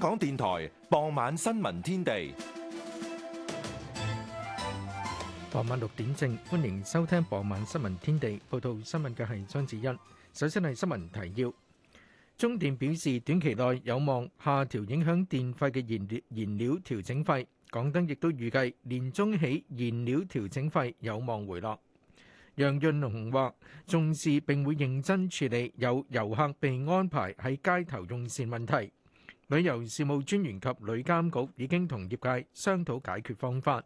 香港電台傍晚新聞天地，傍晚六點正歡迎收聽。傍晚新聞天地報道新聞嘅係張子欣。首先係新聞提要：中電表示短期內有望下調影響電費嘅燃料燃料調整費。港燈亦都預計年中起燃料調整費有望回落。楊潤雄話，重視並會認真處理有遊客被安排喺街頭用膳問題。旅遊事務專員及旅監局已經同業界商討解決方法。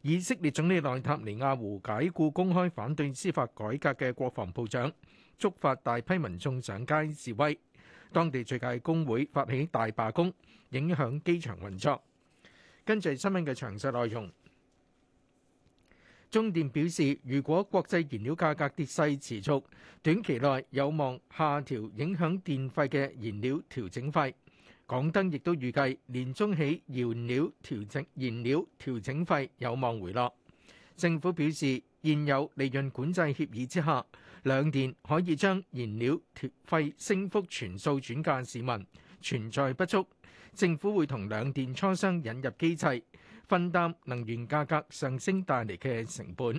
以色列總理內塔尼亞胡解僱公開反對司法改革嘅國防部長，觸發大批民眾上街示威，當地最大工會發起大罷工，影響機場運作。跟住新聞嘅詳細內容，中電表示，如果國際燃料價格跌勢持續，短期內有望下調影響電費嘅燃料調整費。港燈亦都預計年中起燃料調整，燃料調整費有望回落。政府表示，現有利潤管制協議之下，兩電可以將燃料調費升幅全數轉嫁市民，存在不足。政府會同兩電磋商引入機制，分擔能源價格上升帶嚟嘅成本。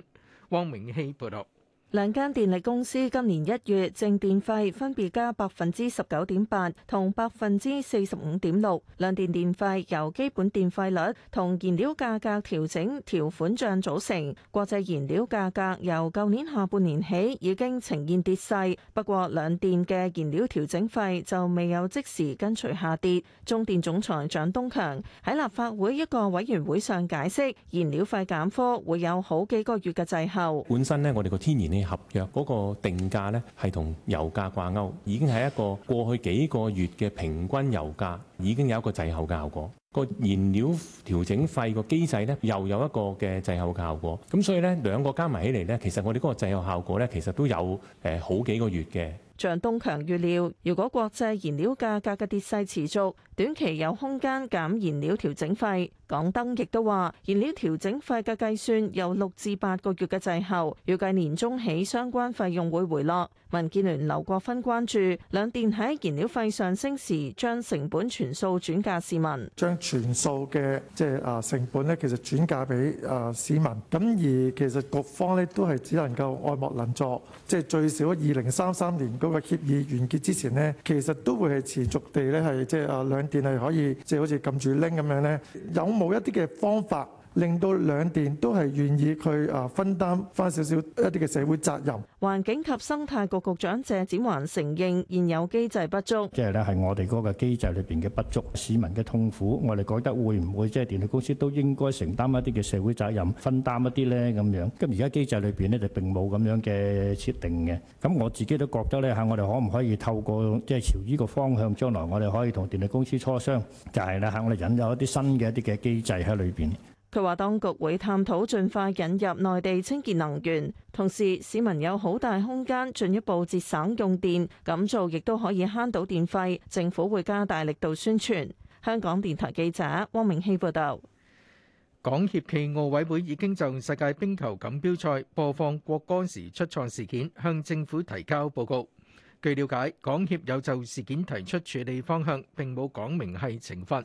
汪明希報道。兩間電力公司今年一月淨電費分別加百分之十九點八同百分之四十五點六。兩電電費由基本電費率同燃料價格調整條款賬組成。國際燃料價格由舊年下半年起已經呈現跌勢，不過兩電嘅燃料調整費就未有即時跟隨下跌。中電總裁蔣東強喺立法會一個委員會上解釋，燃料費減科會有好幾個月嘅滯後。本身呢，我哋個天然合約嗰、那個定價咧係同油價掛鈎，已經係一個過去幾個月嘅平均油價。已經有一個滯後嘅效果，個燃料調整費個機制呢，又有一個嘅滯後效果。咁所以呢，兩個加埋起嚟呢，其實我哋嗰個滯後效果呢，其實都有誒好幾個月嘅。像東強預料，如果國際燃料價格嘅跌勢持續，短期有空間減燃料調整費。港燈亦都話，燃料調整費嘅計算由六至八個月嘅滯後，預計年中起相關費用會回落。民建聯劉國勳關注兩電喺燃料費上升時，將成本全數轉嫁市民，將全數嘅即係啊成本咧，其實轉嫁俾啊市民。咁而其實局方咧都係只能夠愛莫能助，即係最少二零三三年嗰個協議完結之前咧，其實都會係持續地咧係即係啊兩電係可以即係好似撳住拎咁樣咧，有冇一啲嘅方法？令到兩電都係願意佢啊，分擔翻少少一啲嘅社會責任。環境及生態局局長謝展寰承認現有機制不足，即係咧係我哋嗰個機制裏邊嘅不足，市民嘅痛苦，我哋覺得會唔會即係電力公司都應該承擔一啲嘅社會責任，分擔一啲咧咁樣。咁而家機制裏邊咧就並冇咁樣嘅設定嘅。咁我自己都覺得咧，喺我哋可唔可以透過即係朝呢個方向，將來我哋可以同電力公司磋商，就係咧喺我哋引入一啲新嘅一啲嘅機制喺裏邊。佢話：當局會探討盡快引入內地清潔能源，同時市民有好大空間進一步節省用電，咁做亦都可以慳到電費。政府會加大力度宣傳。香港電台記者汪明熙報道。港協暨奧委會已經就世界冰球錦標賽播放國歌時出錯事件向政府提交報告。據了解，港協有就事件提出處理方向，並冇講明係懲罰。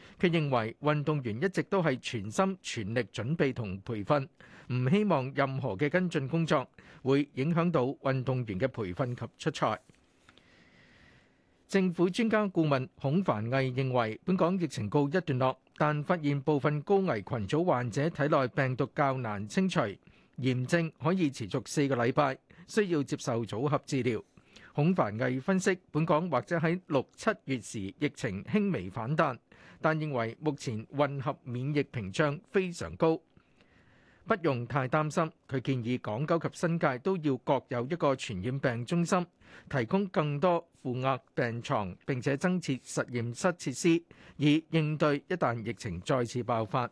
佢認為運動員一直都係全心全力準備同培訓，唔希望任何嘅跟進工作會影響到運動員嘅培訓及出賽。政府專家顧問孔繁毅認為，本港疫情告一段落，但發現部分高危群組患者體內病毒較難清除，炎症可以持續四個禮拜，需要接受組合治療。孔繁毅分析，本港或者喺六七月時疫情輕微反彈。但認為目前混合免疫屏障非常高，不用太擔心。佢建議港九及新界都要各有一個傳染病中心，提供更多負壓病床，並且增設實驗室設施，以應對一旦疫情再次爆發。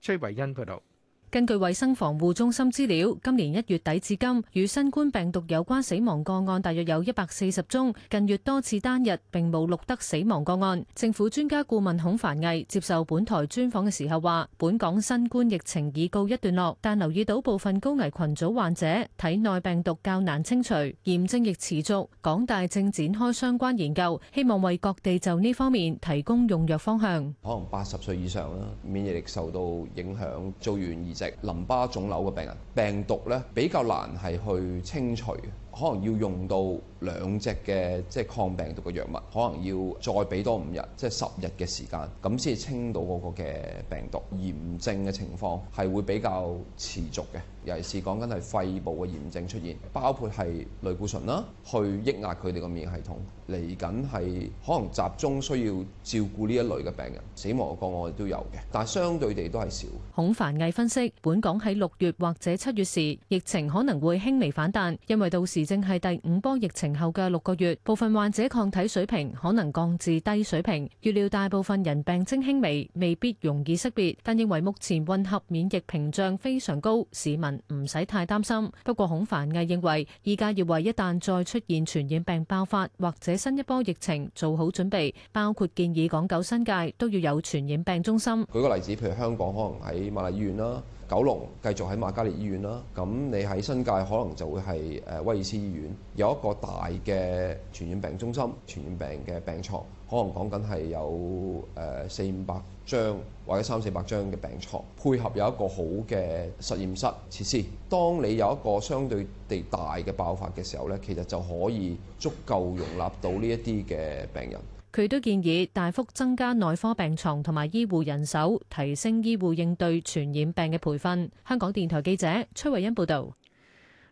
崔維恩報道。根據衛生防護中心資料，今年一月底至今，與新冠病毒有關死亡個案大約有一百四十宗。近月多次單日並冇錄得死亡個案。政府專家顧問孔繁毅接受本台專訪嘅時候話，本港新冠疫情已告一段落，但留意到部分高危羣組患者體內病毒較難清除，炎症亦持續。港大正展開相關研究，希望為各地就呢方面提供用藥方向。可能八十歲以上啦，免疫力受到影響，做完二，淋巴腫瘤嘅病人，病毒咧比較難係去清除。可能要用到兩隻嘅即係抗病毒嘅藥物，可能要再俾多五日，即係十日嘅時間。咁先至清到嗰個嘅病毒。炎症嘅情況係會比較持續嘅，尤其是講緊係肺部嘅炎症出現，包括係類固醇啦，去抑壓佢哋嘅免疫系統，嚟緊係可能集中需要照顧呢一類嘅病人，死亡個案都有嘅，但係相對地都係少。孔繁毅分析，本港喺六月或者七月時疫情可能會輕微反彈，因為到時。而正係第五波疫情後嘅六個月，部分患者抗體水平可能降至低水平。預料大部分人病徵輕微，未必容易識別，但認為目前混合免疫屏障非常高，市民唔使太擔心。不過孔繁毅認為，依家要為一旦再出現傳染病爆發或者新一波疫情做好準備，包括建議港九新界都要有傳染病中心。舉個例子，譬如香港可能喺瑪麗醫院啦。九龍繼續喺瑪嘉烈醫院啦，咁你喺新界可能就會係誒威爾斯醫院有一個大嘅傳染病中心，傳染病嘅病床。可能講緊係有誒四五百張或者三四百張嘅病床，配合有一個好嘅實驗室設施。當你有一個相對地大嘅爆發嘅時候呢，其實就可以足夠容納到呢一啲嘅病人。佢都建議大幅增加內科病牀同埋醫護人手，提升醫護應對傳染病嘅培訓。香港電台記者崔惠欣報導。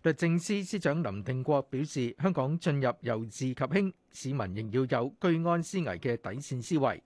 律政司司長林定國表示，香港進入由治及興，市民仍要有居安思危嘅底線思維。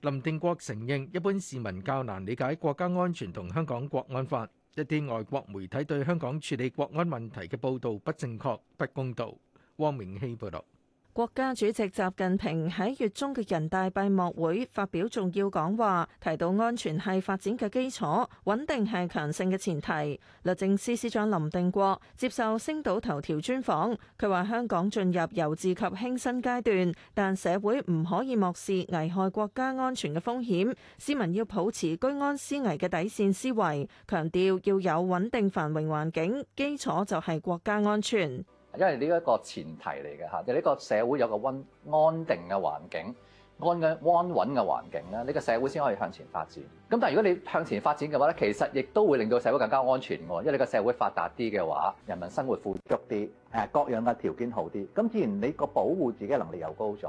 林定國承認，一般市民較難理解國家安全同香港國安法。一啲外國媒體對香港處理國安問題嘅報導不正確、不公道。汪明希報導。國家主席習近平喺月中嘅人大閉幕會發表重要講話，提到安全係發展嘅基礎，穩定係強盛嘅前提。律政司司長林定國接受星島頭條專訪，佢話香港進入由治及興新階段，但社會唔可以漠視危害國家安全嘅風險，市民要保持居安思危嘅底線思維，強調要有穩定繁榮環境，基礎就係國家安全。因為呢一個前提嚟嘅嚇，你呢個社會有個温安定嘅環境，安嘅安穩嘅環境咧，呢個社會先可以向前發展。咁但係如果你向前發展嘅話咧，其實亦都會令到社會更加安全喎。因為你個社會發達啲嘅話，人民生活富足啲，誒各樣嘅條件好啲，咁自然你個保護自己嘅能力又高咗。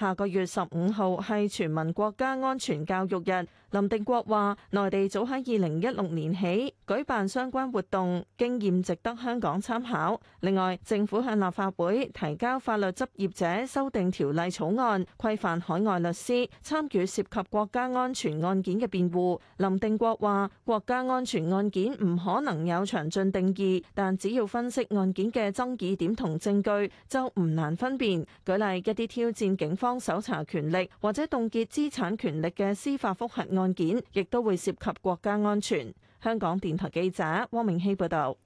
下個月十五號係全民國家安全教育日。林定國話：內地早喺二零一六年起舉辦相關活動，經驗值得香港參考。另外，政府向立法會提交法律執業者修訂條例草案，規範海外律師參與涉及國家安全案件嘅辯護。林定國話：國家安全案件唔可能有詳盡定義，但只要分析案件嘅爭議點同證據，就唔難分辨。舉例一啲挑戰警方搜查權力或者凍結資產權力嘅司法覆核案。案件亦都會涉及國家安全。香港電台記者汪明熙報導。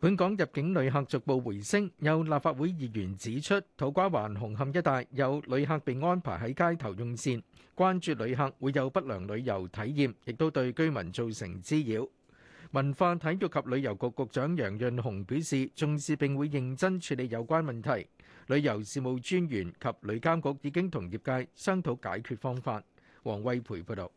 本港入境旅客逐步回升。有立法會議員指出，土瓜灣紅磡一帶有旅客被安排喺街頭用膳，關注旅客會有不良旅遊體驗，亦都對居民造成滋擾。文化體育及旅遊局局長楊潤雄表示，重視並會認真處理有關問題。旅遊事務專員及旅監局已經同業界商討解決方法。黃威培報道，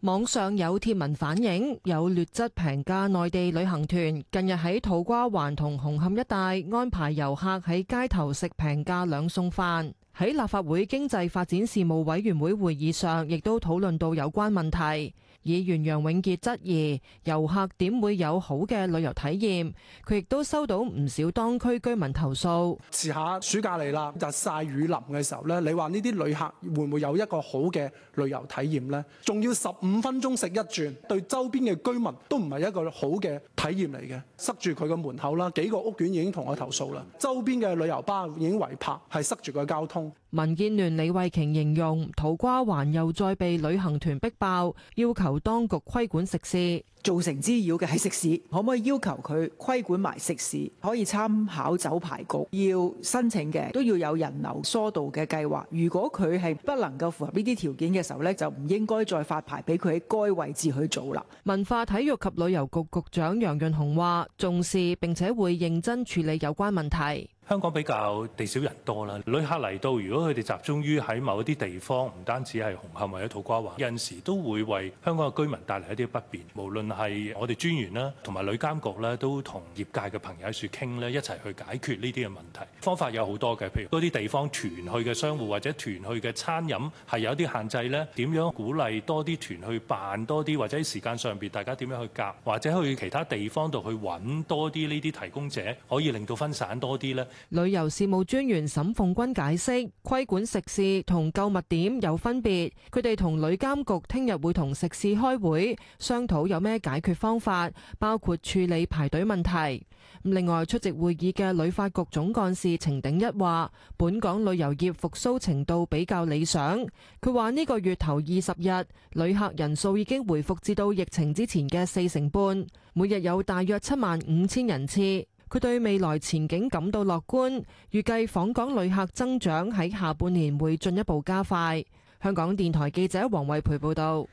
網上有貼文反映有劣質平價內地旅行團近日喺土瓜灣同紅磡一帶安排遊客喺街頭食平價兩餸飯。喺立法會經濟發展事務委員會會議上，亦都討論到有關問題。議員楊永傑質疑遊客點會有好嘅旅遊體驗？佢亦都收到唔少當區居民投訴。遲下暑假嚟啦，日曬雨淋嘅時候呢，你話呢啲旅客會唔會有一個好嘅旅遊體驗呢？仲要十五分鐘食一轉，對周邊嘅居民都唔係一個好嘅體驗嚟嘅。塞住佢個門口啦，幾個屋苑已經同我投訴啦。周邊嘅旅遊巴已經圍泊，係塞住個交通。民建聯李慧瓊形容土瓜灣又再被旅行團逼爆，要求。當局規管食肆造成滋擾嘅係食肆，可唔可以要求佢規管埋食肆？可以參考酒牌局要申請嘅，都要有人流疏導嘅計劃。如果佢係不能夠符合呢啲條件嘅時候咧，就唔應該再發牌俾佢喺該位置去做啦。文化體育及旅遊局局長楊潤雄話：重視並且會認真處理有關問題。香港比較地少人多啦，旅客嚟到，如果佢哋集中於喺某一啲地方，唔單止係紅磡或者土瓜灣，有陣時都會為香港嘅居民帶嚟一啲不便。無論係我哋專員啦，同埋旅監局咧，都同業界嘅朋友喺處傾咧，一齊去解決呢啲嘅問題。方法有好多嘅，譬如多啲地方團去嘅商戶或者團去嘅餐飲係有啲限制咧，點樣鼓勵多啲團去辦多啲，或者喺時間上邊大家點樣去夾，或者去其他地方度去揾多啲呢啲提供者，可以令到分散多啲咧。旅遊事務專員沈鳳君解釋，規管食肆同購物點有分別，佢哋同旅監局聽日會同食肆開會，商討有咩解決方法，包括處理排隊問題。另外出席會議嘅旅發局總幹事程鼎一話，本港旅遊業復蘇程度比較理想。佢話呢個月頭二十日，旅客人數已經回復至到疫情之前嘅四成半，每日有大約七萬五千人次。佢對未來前景感到樂觀，預計訪港旅客增長喺下半年會進一步加快。香港電台記者黃慧培報導，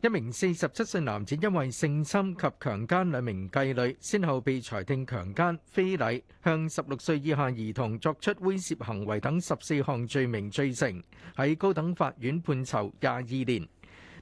一名四十七歲男子因為性侵及強姦兩名繼女，先後被裁定強姦、非禮、向十六歲以下兒童作出猥褻行為等十四項罪名罪成，喺高等法院判囚廿二年。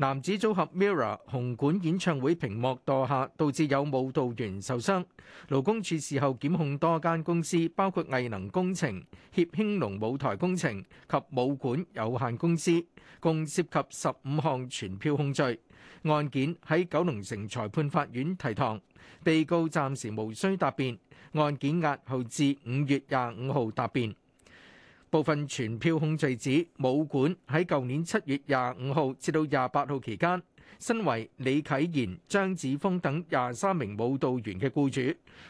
男子組合 Mirror 紅館演唱會屏幕墮下，導致有舞蹈員受傷。勞工處事後檢控多間公司，包括藝能工程、協興隆舞台工程及舞館有限公司，共涉及十五項傳票控罪。案件喺九龍城裁判法院提堂，被告暫時無需答辯，案件押後至五月廿五號答辯。部分全票控罪，指武館喺舊年七月廿五號至到廿八號期間，身為李啟言張子峰等廿三名舞蹈員嘅雇主，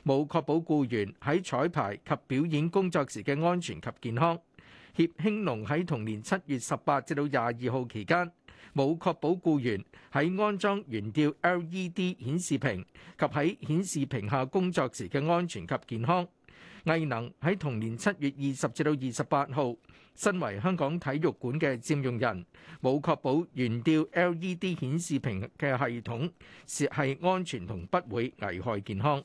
冇確保雇員喺彩排及表演工作時嘅安全及健康；協興隆喺同年七月十八至到廿二號期間冇確保雇員喺安裝懸吊 LED 顯示屏及喺顯示屏下工作時嘅安全及健康。藝能喺同年七月二十至到二十八號，身為香港體育館嘅佔用人，冇確保懸吊 LED 顯示屏嘅系統係安全同不會危害健康。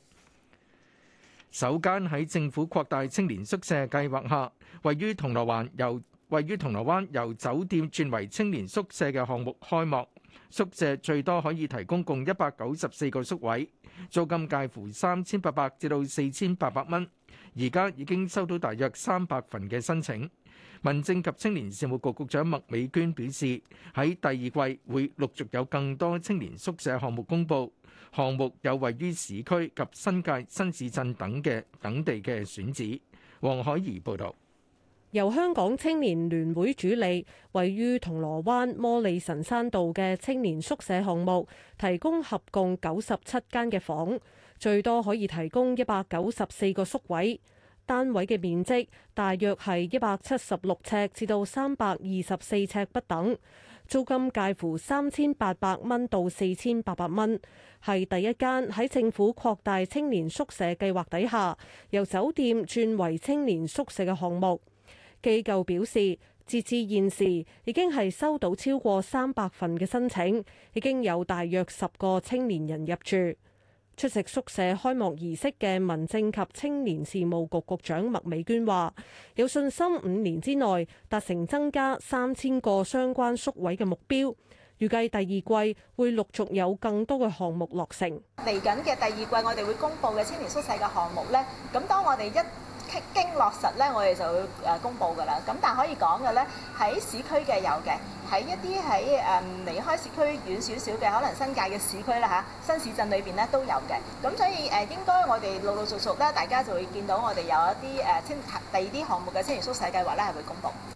首間喺政府擴大青年宿舍計劃下，位於銅鑼灣由位於銅鑼灣由酒店轉為青年宿舍嘅項目開幕，宿舍最多可以提供共一百九十四個宿位，租金介乎三千八百至到四千八百蚊。而家已經收到大約三百份嘅申請。民政及青年事務局局長麥美娟表示，喺第二季會陸續有更多青年宿舍項目公布，項目有位於市區及新界新市鎮等嘅等地嘅選址。黃海怡報導。由香港青年聯會主理，位於銅鑼灣摩利臣山道嘅青年宿舍項目，提供合共九十七間嘅房。最多可以提供一百九十四個宿位。單位嘅面積大約係一百七十六尺至到三百二十四尺不等，租金介乎三千八百蚊到四千八百蚊，係第一間喺政府擴大青年宿舍計劃底下由酒店轉為青年宿舍嘅項目。機構表示，截至現時已經係收到超過三百份嘅申請，已經有大約十個青年人入住。出席宿舍開幕儀式嘅民政及青年事務局局長麥美娟話，有信心五年之內達成增加三千個相關宿位嘅目標。預計第二季會陸續有更多嘅項目落成。嚟緊嘅第二季，我哋會公布嘅青年宿舍嘅項目呢，咁當我哋一經落實咧，我哋就會誒公佈噶啦。咁但係可以講嘅咧，喺市區嘅有嘅，喺一啲喺誒離開市區遠少少嘅，可能新界嘅市區啦嚇、啊，新市鎮裏邊咧都有嘅。咁所以誒、呃，應該我哋陸陸續續咧，大家就會見到我哋有一啲清、啊、第二啲項目嘅青年宿舍計劃咧，係會公佈。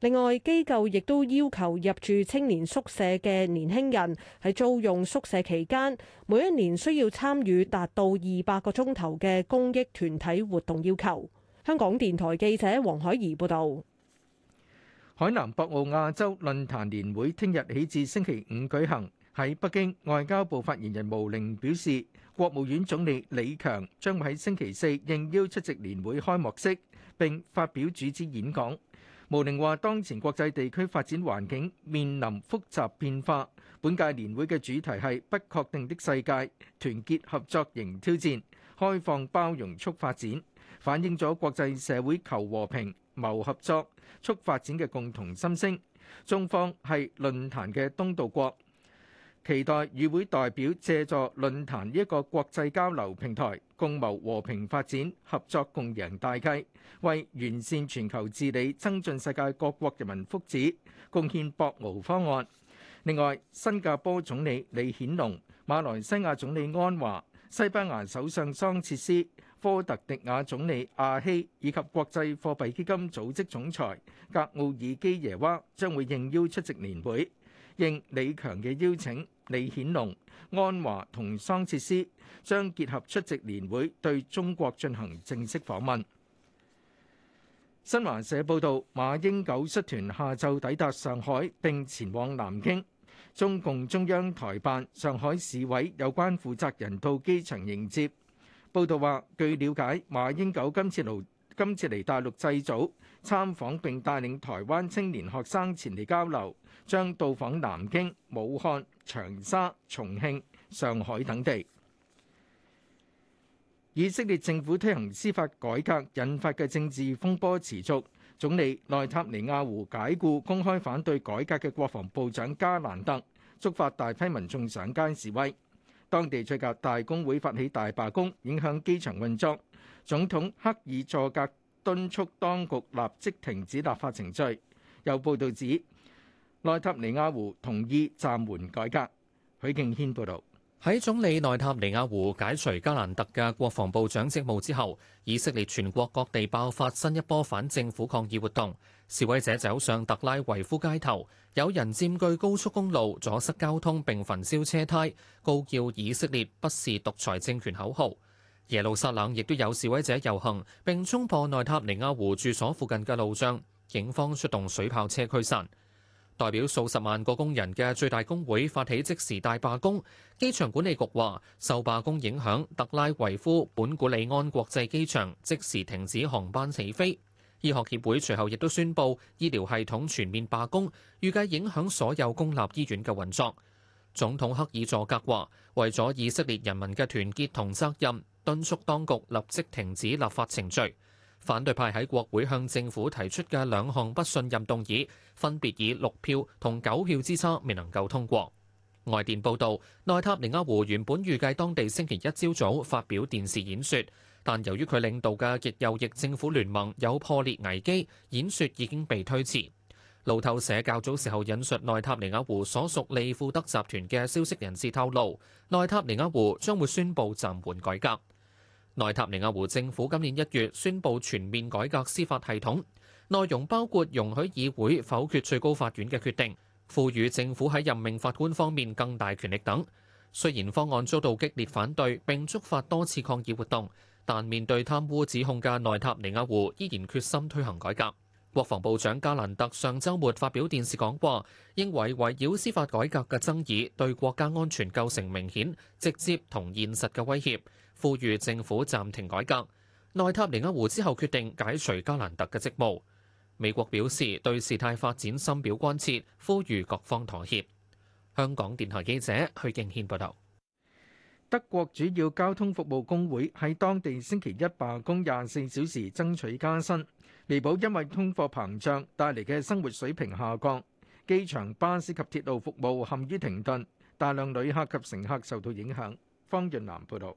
另外，機構亦都要求入住青年宿舍嘅年輕人喺租用宿舍期間，每一年需要參與達到二百個鐘頭嘅公益團體活動要求。香港電台記者黃海怡報導。海南博鰲亞洲論壇年會聽日起至星期五舉行，喺北京外交部發言人毛寧表示，國務院總理李強將會喺星期四應邀出席年會開幕式並發表主旨演講。毛寧話：當前國際地區發展環境面臨複雜變化，本屆年會嘅主題係不確定的世界、團結合作迎挑戰、開放包容促發展，反映咗國際社會求和平、謀合作、促發展嘅共同心聲。中方係論壇嘅東道國。期待與會代表借助論壇呢一個國際交流平台，共謀和平發展、合作共贏大計，為完善全球治理、增進世界各國人民福祉，貢獻博鰲方案。另外，新加坡總理李顯龍、馬來西亞總理安華、西班牙首相桑切斯、科特迪瓦總理阿希以及國際貨幣基金組織總裁格奧爾基耶娃將會應邀出席年會，應李強嘅邀請。李顯龍、安華同桑切斯將結合出席年會，對中國進行正式訪問。新華社報道，馬英九率團下晝抵達上海並前往南京。中共中央台辦、上海市委有關負責人到機場迎接。報道話，據瞭解，馬英九今次嚟今次嚟大陸祭祖參訪，並帶領台灣青年學生前嚟交流，將到訪南京、武漢、長沙、重慶、上海等地。以色列政府推行司法改革，引發嘅政治風波持續。總理內塔尼亞胡解雇公開反對改革嘅國防部長加蘭特，觸發大批民眾上街示威。當地最家大工會發起大罷工，影響機場運作。總統克爾佐格敦促當局立即停止立法程序。有報道指，內塔尼亞胡同意暫緩改革。許敬軒報道：喺總理內塔尼亞胡解除加蘭特嘅國防部長職務之後，以色列全國各地爆發新一波反政府抗議活動。示威者走上特拉維夫街頭，有人佔據高速公路阻塞交通，並焚燒車胎，高叫“以色列不是獨裁政權”口號。耶路撒冷亦都有示威者遊行，並衝破內塔尼亞胡住所附近嘅路障，警方出動水炮車驅散。代表數十萬個工人嘅最大工會發起即時大罷工。機場管理局話，受罷工影響，特拉維夫本古里安國際機場即時停止航班起飛。醫學協會隨後亦都宣布醫療系統全面罷工，預計影響所有公立醫院嘅運作。總統赫爾佐格話，為咗以色列人民嘅團結同責任，敦促當局立即停止立法程序。反對派喺國會向政府提出嘅兩項不信任動議，分別以六票同九票之差未能夠通過。外電報導，內塔尼亞胡原本預計當地星期一朝早發表電視演說，但由於佢領導嘅極右翼政府聯盟有破裂危機，演說已經被推遲。路透社較早時候引述內塔尼亞胡所屬利庫德集團嘅消息人士透露，內塔尼亞胡將會宣布暫緩改革。內塔尼亞胡政府今年一月宣布全面改革司法系統，內容包括容許議會否決最高法院嘅決定，賦予政府喺任命法官方面更大權力等。雖然方案遭到激烈反對，並觸發多次抗議活動，但面對貪污指控嘅內塔尼亞胡依然決心推行改革。國防部長加蘭特上周末發表電視講話，認為圍繞司法改革嘅爭議對國家安全構成明顯、直接同現實嘅威脅，呼籲政府暫停改革。內塔尼亞胡之後決定解除加蘭特嘅職務。美國表示對事態發展深表關切，呼籲各方妥協。香港電台記者許敬軒報導。德國主要交通服務工會喺當地星期一罷工廿四小時，爭取加薪，彌補因為通貨膨脹帶嚟嘅生活水平下降。機場巴士及鐵路服務陷於停頓，大量旅客及乘客受到影響。方潤南報導。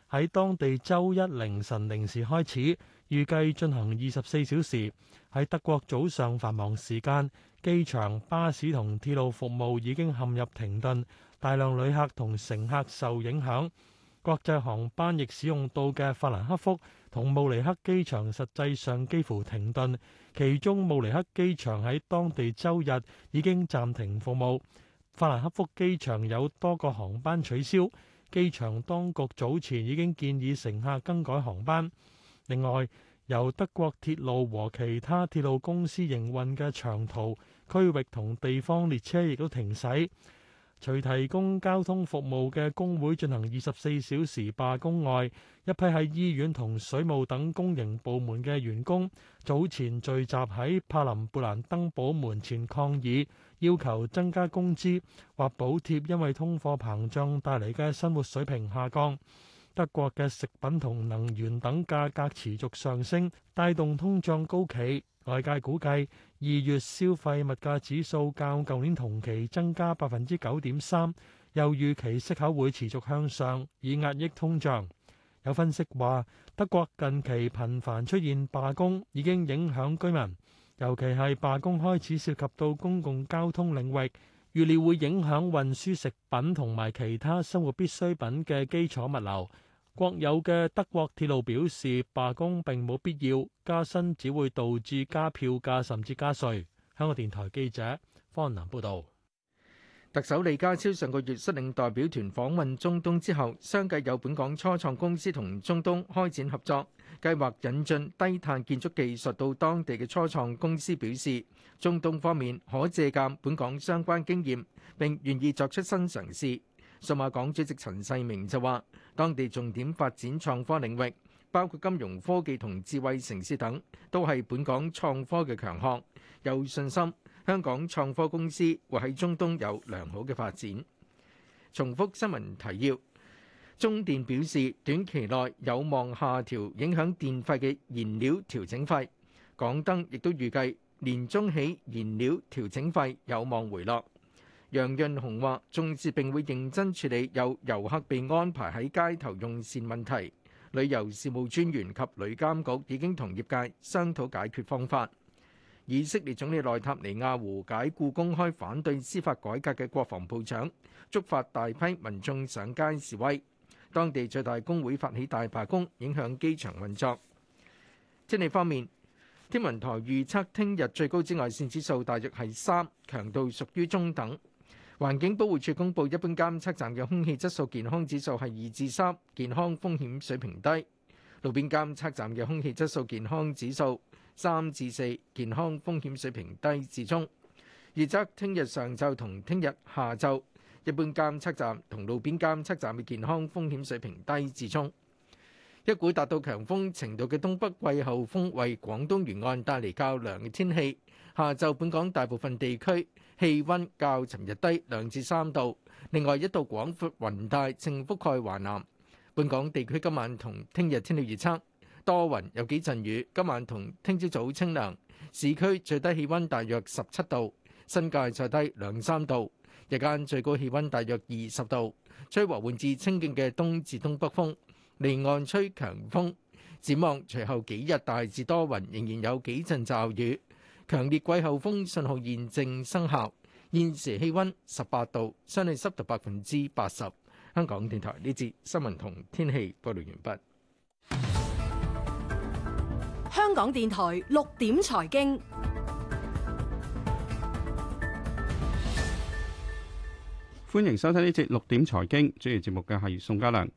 喺當地周一凌晨零時開始，預計進行二十四小時。喺德國早上繁忙時間，機場、巴士同鐵路服務已經陷入停頓，大量旅客同乘客受影響。國際航班亦使用到嘅法蘭克福同慕尼黑機場實際上幾乎停頓，其中慕尼黑機場喺當地周日已經暫停服務，法蘭克福機場有多個航班取消。機場當局早前已經建議乘客更改航班。另外，由德國鐵路和其他鐵路公司營運嘅長途、區域同地方列車亦都停駛。除提供交通服務嘅工會進行二十四小時罷工外，一批喺醫院同水務等公營部門嘅員工早前聚集喺柏林布蘭登堡門前抗議，要求增加工資或補貼，因為通貨膨脹帶嚟嘅生活水平下降。德國嘅食品同能源等價格持續上升，帶動通脹高企。外界估計，二月消費物價指數較舊年同期增加百分之九點三，又預期息口會持續向上，以壓抑通脹。有分析話，德國近期頻繁出現罷工，已經影響居民，尤其係罷工開始涉及到公共交通領域。預料會影響運輸食品同埋其他生活必需品嘅基礎物流。國有嘅德國鐵路表示，罷工並冇必要，加薪只會導致加票價甚至加稅。香港電台記者方南報導。特首李家超上個月率領代表團訪問中東之後，相繼有本港初創公司同中東開展合作。計劃引進低碳建築技術到當地嘅初創公司表示，中東方面可借鑑本港相關經驗，並願意作出新嘗試。數碼港主席陳世明就話，當地重點發展創科領域，包括金融科技同智慧城市等，都係本港創科嘅強項，有信心香港創科公司會喺中東有良好嘅發展。重複新聞提要。中電表示，短期內有望下調影響電費嘅燃料調整費。港燈亦都預計年中起燃料調整費有望回落。楊潤雄話，重視並會認真處理有遊客被安排喺街頭用膳問題。旅遊事務專員及旅監局已經同業界商討解決方法。以色列總理內塔尼亞胡解雇公開反對司法改革嘅國防部長，觸發大批民眾上街示威。當地最大工會發起大罷工，影響機場運作。天氣方面，天文台預測聽日最高紫外線指數大約係三，強度屬於中等。環境保護署公佈一般監測站嘅空氣質素健康指數係二至三，健康風險水平低；路邊監測站嘅空氣質素健康指數三至四，健康風險水平低至中。預測聽日上晝同聽日下晝。一般監測站同路邊監測站嘅健康風險水平低至中。一股達到強風程度嘅東北季候風為廣東沿岸帶嚟較涼嘅天氣。下晝本港大部分地區氣温較尋日低兩至三度。另外，一道廣闊雲帶正覆蓋華南。本港地區今晚同聽日天氣預測多雲有幾陣雨。今晚同聽朝早清涼，市區最低氣温大約十七度，新界再低兩三度。日間最高氣溫大約二十度，吹和緩至清勁嘅東至東北風，離岸吹強風。展望隨後幾日大致多雲，仍然有幾陣驟雨。強烈季候風信號現正生效。現時氣溫十八度，相對濕度百分之八十。香港電台呢節新聞同天氣報道完畢。香港電台六點財經。歡迎收聽呢節六點財經，主持節目嘅係宋嘉良。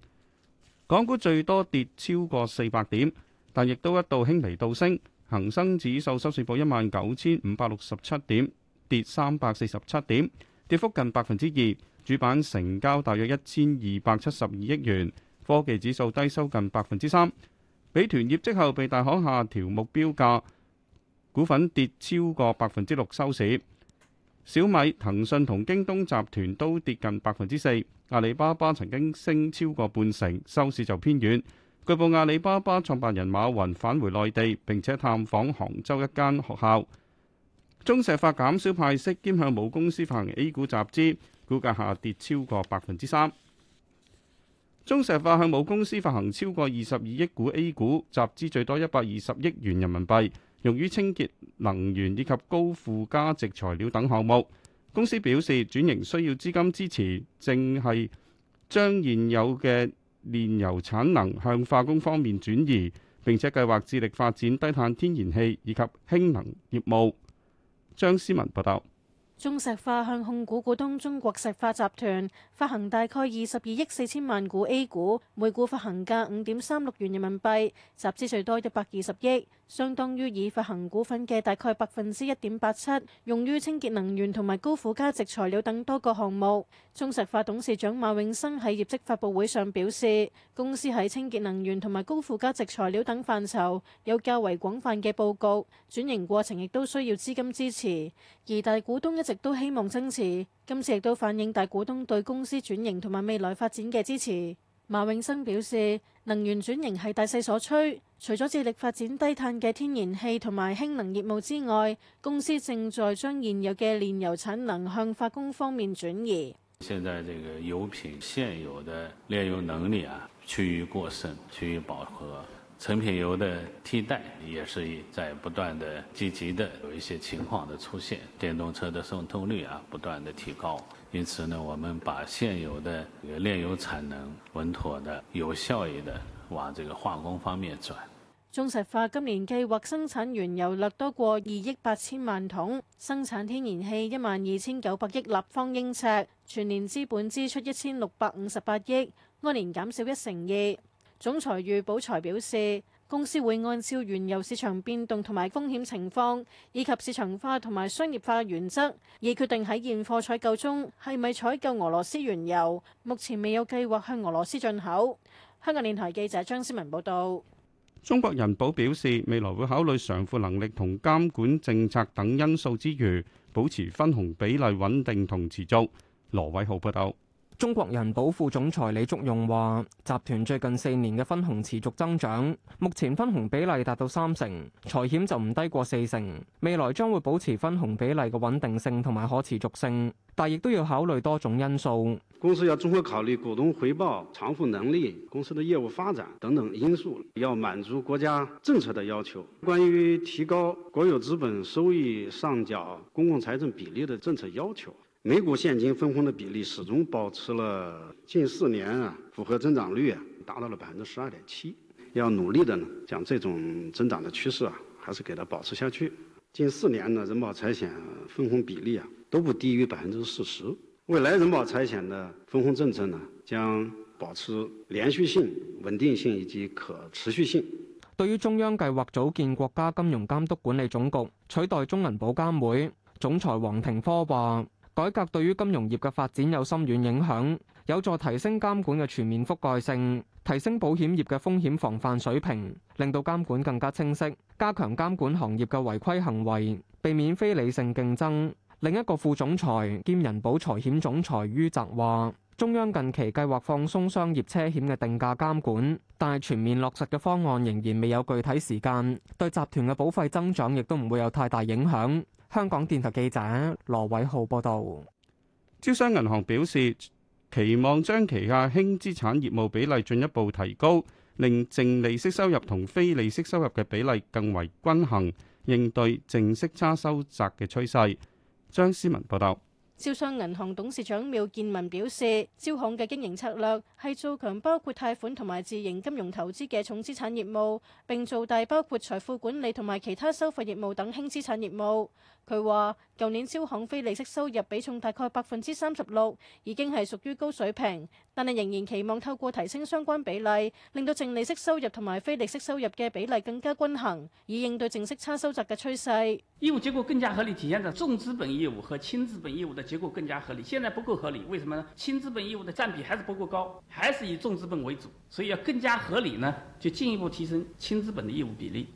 港股最多跌超過四百點，但亦都一度輕微倒升。恒生指數收市報一萬九千五百六十七點，跌三百四十七點，跌幅近百分之二。主板成交大約一千二百七十二億元。科技指數低收近百分之三。美團業績後被大行下調目標價，股份跌超過百分之六收市。小米、騰訊同京東集團都跌近百分之四，阿里巴巴曾經升超過半成，收市就偏軟。據報阿里巴巴創辦人馬雲返回內地並且探訪杭州一間學校。中石化減少派息兼向母公司發行 A 股集資，股價下跌超過百分之三。中石化向母公司發行超過二十二億股 A 股集資，最多一百二十億元人民幣。用於清潔能源以及高附加值材料等項目。公司表示，轉型需要資金支持，正係將現有嘅煉油產能向化工方面轉移，並且計劃致力發展低碳天然氣以及氫能業務。張思文報道，中石化向控股股東中國石化集團發行大概二十二億四千萬股 A 股，每股發行價五點三六元人民幣，集資最多一百二十億。相當於已發行股份嘅大概百分之一點八七，用於清潔能源同埋高附加值材料等多個項目。中石化董事長馬永生喺業績發布會上表示，公司喺清潔能源同埋高附加值材料等範疇有較為廣泛嘅佈局，轉型過程亦都需要資金支持。而大股東一直都希望增持，今次亦都反映大股東對公司轉型同埋未來發展嘅支持。馬永生表示，能源轉型係大勢所趨，除咗致力發展低碳嘅天然氣同埋氫能業務之外，公司正在將現有嘅煉油產能向化工方面轉移。現在這個油品現有的煉油能力啊，趨於過剩、趨於飽和，成品油的替代也是在不斷的積極的有一些情況的出現，電動車的滲透率啊不斷的提高。因此呢，我們把現有的煉油產能穩妥的、有效益的，往這個化工方面轉。中石化今年計劃生產原油略多過二億八千萬桶，生產天然氣一萬二千九百億立方英尺，全年資本支出一千六百五十八億，按年減少一成二。總裁喻寶才表示。公司會按照原油市場變動同埋風險情況，以及市場化同埋商業化原則，而決定喺現貨採購中係咪採購俄羅斯原油。目前未有計劃向俄羅斯進口。香港電台記者張思文報道。中國人保表示，未來會考慮償付能力同監管政策等因素之餘，保持分紅比例穩定同持續。羅偉浩報道。中國人保副總裁李竹用話：集團最近四年嘅分紅持續增長，目前分紅比例達到三成，財險就唔低過四成，未來將會保持分紅比例嘅穩定性同埋可持續性，但亦都要考慮多種因素。公司要綜合考慮股東回報、償付能力、公司的業務發展等等因素，要滿足國家政策的要求。關於提高國有資本收益上繳公共財政比例的政策要求。每股現金分紅的比例始終保持了近四年啊，複合增長率啊，達到了百分之十二點七。要努力的呢，將這種增長的趨勢啊，還是給它保持下去。近四年呢，人保財險分紅比例啊都不低於百分之四十。未來人保財險的分紅政策呢，將保持連續性、穩定性以及可持續性。對於中央計劃組建國家金融監督管理總局，取代中銀保監會，總裁王廷科話。改革對於金融業嘅發展有深遠影響，有助提升監管嘅全面覆蓋性，提升保險業嘅風險防範水平，令到監管更加清晰，加強監管行業嘅違規行為，避免非理性競爭。另一個副總裁兼人保財險總裁于澤話：中央近期計劃放鬆商業車險嘅定價監管，但係全面落實嘅方案仍然未有具體時間，對集團嘅保費增長亦都唔會有太大影響。香港電台記者羅偉浩報道，招商銀行表示期望將旗下輕資產業務比例進一步提高，令淨利息收入同非利息收入嘅比例更為均衡，應對淨息差收窄嘅趨勢。張思文報道，招商銀行董事長繆建民表示，招行嘅經營策略係做強包括貸款同埋自營金融投資嘅重資產業務，並做大包括財富管理同埋其他收費業務等輕資產業務。佢話：舊年招行非利息收入比重大概百分之三十六，已經係屬於高水平，但係仍然期望透過提升相關比例，令到淨利息收入同埋非利息收入嘅比例更加均衡，以應對淨息差收窄嘅趨勢。業務結構更加合理，體現在重資本業務和輕資本業務的結構更加合理。現在不夠合理，為什麼呢？輕資本業務的佔比還是不夠高，還是以重資本為主，所以要更加合理呢？就進一步提升輕資本的業務比例。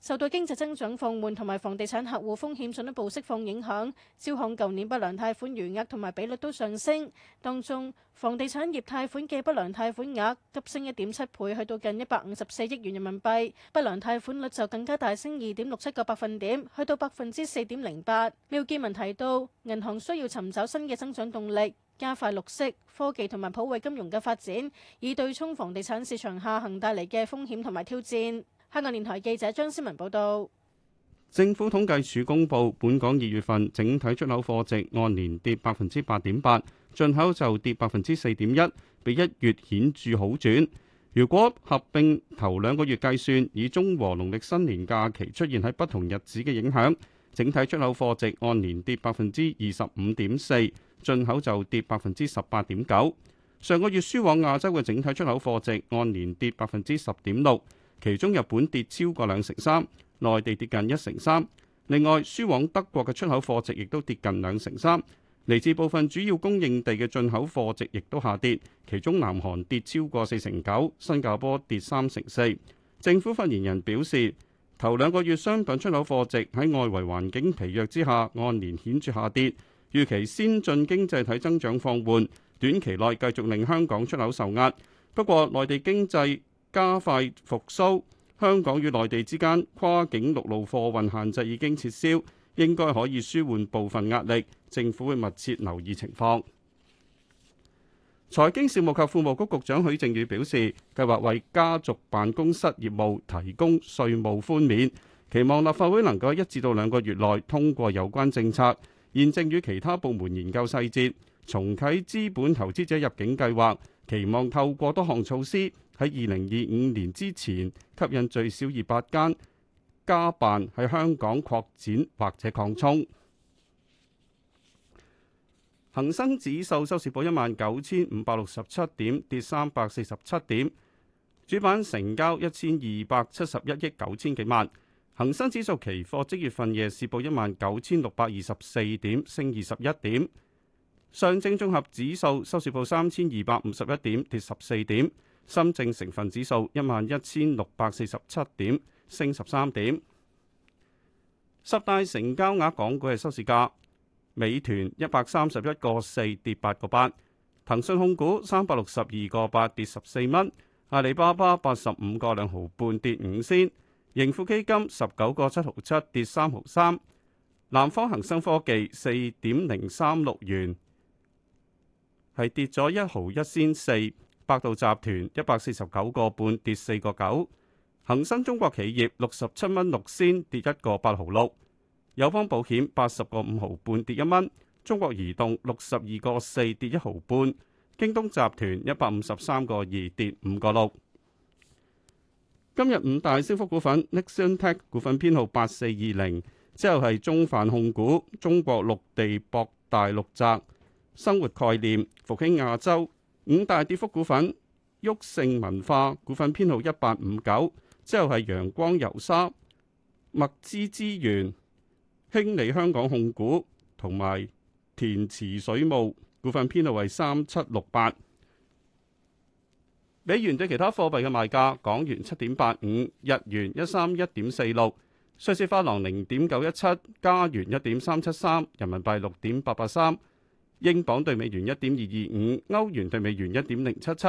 受到經濟增長放緩同埋房地產客戶風險進一步釋放影響，招行舊年不良貸款餘額同埋比率都上升。當中房地產業貸款嘅不良貸款額急升一點七倍，去到近一百五十四億元人民幣，不良貸款率就更加大升二點六七個百分點，去到百分之四點零八。廖建文提到，銀行需要尋找新嘅增長動力，加快綠色科技同埋普惠金融嘅發展，以對沖房地產市場下行帶嚟嘅風險同埋挑戰。香港電台記者張思文報道，政府統計處公布，本港二月份整體出口貨值按年跌百分之八點八，進口就跌百分之四點一，比一月顯著好轉。如果合併頭兩個月計算，以中和農曆新年假期出現喺不同日子嘅影響，整體出口貨值按年跌百分之二十五點四，進口就跌百分之十八點九。上個月輸往亞洲嘅整體出口貨值按年跌百分之十點六。其中日本跌超過兩成三，內地跌近一成三。另外，輸往德國嘅出口貨值亦都跌近兩成三，嚟自部分主要供應地嘅進口貨值亦都下跌。其中南韓跌超過四成九，新加坡跌三成四。政府發言人表示，頭兩個月商品出口貨值喺外圍環境疲弱之下，按年顯著下跌。預期先進經濟體增長放緩，短期內繼續令香港出口受壓。不過，內地經濟加快復甦，香港與內地之間跨境陸路貨運限制已經撤銷，應該可以舒緩部分壓力。政府會密切留意情況。財經事務及庫務局局長許正宇表示，計劃為家族辦公室業務提供稅務寬免，期望立法會能夠一至到兩個月內通過有關政策。現正與其他部門研究細節，重啟資本投資者入境計劃，期望透過多項措施。喺二零二五年之前吸引最少二百間家辦喺香港擴展或者擴充。恒生指數收市報一萬九千五百六十七點，跌三百四十七點。主板成交一千二百七十一億九千幾萬。恒生指數期貨即月份夜市報一萬九千六百二十四點，升二十一點。上證綜合指數收市報三千二百五十一點，跌十四點。深證成分指數一萬一千六百四十七點，升十三點。十大成交額港股嘅收市價：美團一百三十一個四跌八個八，騰訊控股三百六十二個八跌十四蚊，阿里巴巴八十五個兩毫半跌五仙，盈富基金十九個七毫七跌三毫三，南方恒生科技四點零三六元，係跌咗一毫一仙四。百度集團一百四十九個半跌四個九，恒生中國企業六十七蚊六仙跌一個八毫六，友邦保險八十個五毫半跌一蚊，中國移動六十二個四跌一毫半，京東集團一百五十三個二跌五個六。今日五大升幅股份 Nixon Tech 股份編號八四二零，之後係中泛控股、中國陸地博、大陸宅、生活概念、復興亞洲。五大跌幅股份：旭盛文化股份編號一八五九，之後係陽光油砂、麥資資源、興利香港控股同埋田池水務股份編號為三七六八。美元對其他貨幣嘅賣價：港元七點八五，日元一三一點四六，瑞士法郎零點九一七，加元一點三七三，人民幣六點八八三。英鎊兌美元一點二二五，歐元兌美元一點零七七，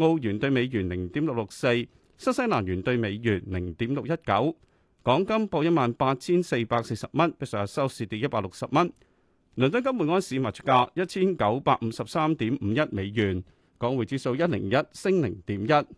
澳元兌美元零點六六四，新西蘭元兌美元零點六一九。港金報一萬八千四百四十蚊，比上日收市跌一百六十蚊。倫敦金每安士賣出價一千九百五十三點五一美元，港匯指數一零一升零點一。